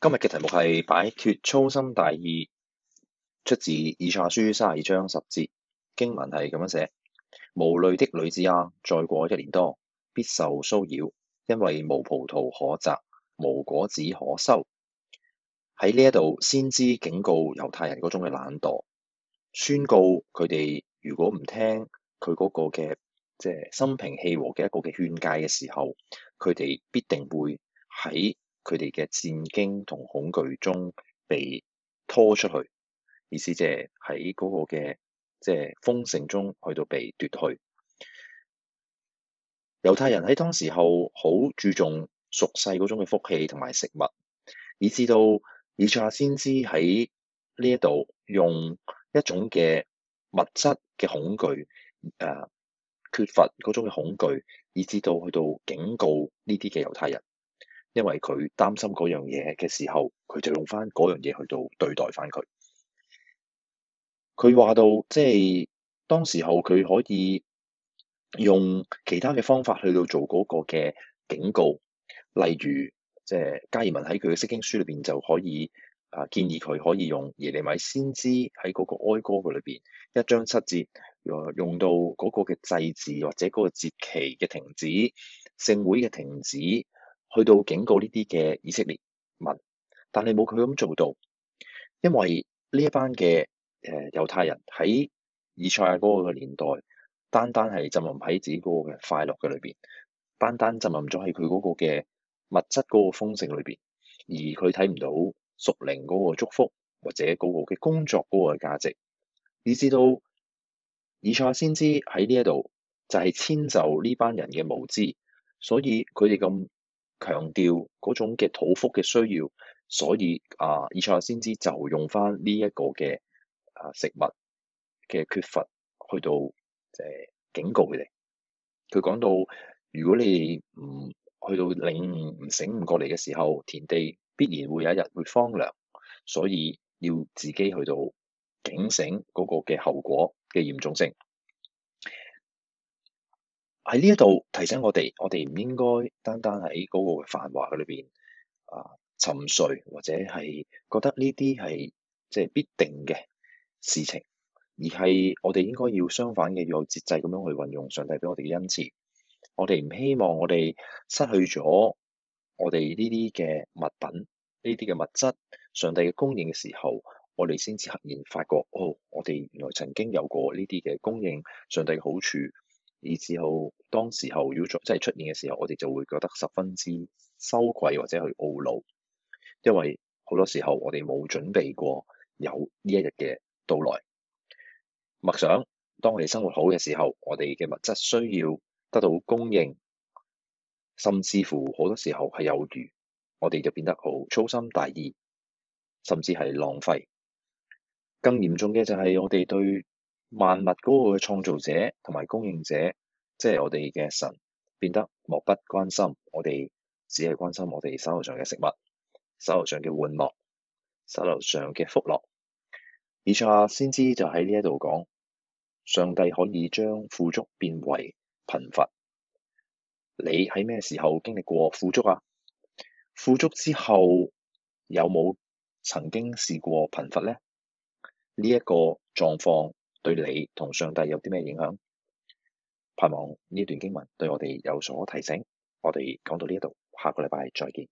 今日嘅題目係擺脫粗心大意，出自《以賽亞書》三十二章十節，經文係咁樣寫： 無淚的女子啊，再過一年多必受騷擾，因為無葡萄可摘，無果子可收。喺呢一度先知警告猶太人嗰種嘅懶惰，宣告佢哋如果唔聽佢嗰個嘅即係心平氣和嘅一個嘅勸誡嘅時候，佢哋必定會喺佢哋嘅戰驚同恐懼中被拖出去，意思即係喺嗰個嘅即係豐盛中去到被奪去。猶太人喺當時候好注重屬世嗰種嘅福氣同埋食物，以至到以賽亞先知喺呢一度用一種嘅物質嘅恐懼，誒、呃、缺乏嗰種嘅恐懼，以至到去到警告呢啲嘅猶太人。因為佢擔心嗰樣嘢嘅時候，佢就用翻嗰樣嘢去到對待翻佢。佢話到即係當時候，佢可以用其他嘅方法去到做嗰個嘅警告，例如即係加爾文喺佢嘅釋經書裏邊就可以啊建議佢可以用耶利米先知喺嗰個哀歌嘅裏邊一章七節用到嗰個嘅祭祀，或者嗰個節期嘅停止，聖會嘅停止。去到警告呢啲嘅以色列民，但係冇佢咁做到，因為呢一班嘅誒猶太人喺以賽亞嗰個嘅年代，單單係浸淫喺自己嗰個嘅快樂嘅裏邊，單單浸淫咗喺佢嗰個嘅物質嗰個豐盛裏邊，而佢睇唔到屬靈嗰個祝福或者嗰個嘅工作嗰個價值，以致到以賽亞先知喺呢一度就係遷就呢班人嘅無知，所以佢哋咁。強調嗰種嘅肚腹嘅需要，所以啊，以賽先知就用翻呢一個嘅啊食物嘅缺乏去到即、呃、警告佢哋。佢講到，如果你唔去到領悟唔醒唔過嚟嘅時候，田地必然會有一日會荒涼，所以要自己去到警醒嗰個嘅後果嘅嚴重性。喺呢一度提醒我哋，我哋唔應該單單喺嗰個繁華嘅裏邊啊沉睡，或者係覺得呢啲係即係必定嘅事情，而係我哋應該要相反嘅，要有節制咁樣去運用上帝俾我哋嘅恩賜，我哋唔希望我哋失去咗我哋呢啲嘅物品，呢啲嘅物質上帝嘅供應嘅時候，我哋先至突然發覺哦，我哋原來曾經有過呢啲嘅供應上帝嘅好處。以至好，當時候要出即係出現嘅時候，我哋就會覺得十分之羞愧或者去懊惱，因為好多時候我哋冇準備過有呢一日嘅到來。默想，當我哋生活好嘅時候，我哋嘅物質需要得到供應，甚至乎好多時候係有餘，我哋就變得好粗心大意，甚至係浪費。更嚴重嘅就係我哋對。萬物嗰個嘅創造者同埋供應者，即係我哋嘅神，變得漠不關心我哋，只係關心我哋手頭上嘅食物、手頭上嘅玩樂、手頭上嘅福樂。以賽亞先知就喺呢一度講，上帝可以將富足變為貧乏。你喺咩時候經歷過富足啊？富足之後有冇曾經試過貧乏咧？呢一個狀況。對你同上帝有啲咩影響？盼望呢段經文對我哋有所提醒。我哋講到呢度，下個禮拜再見。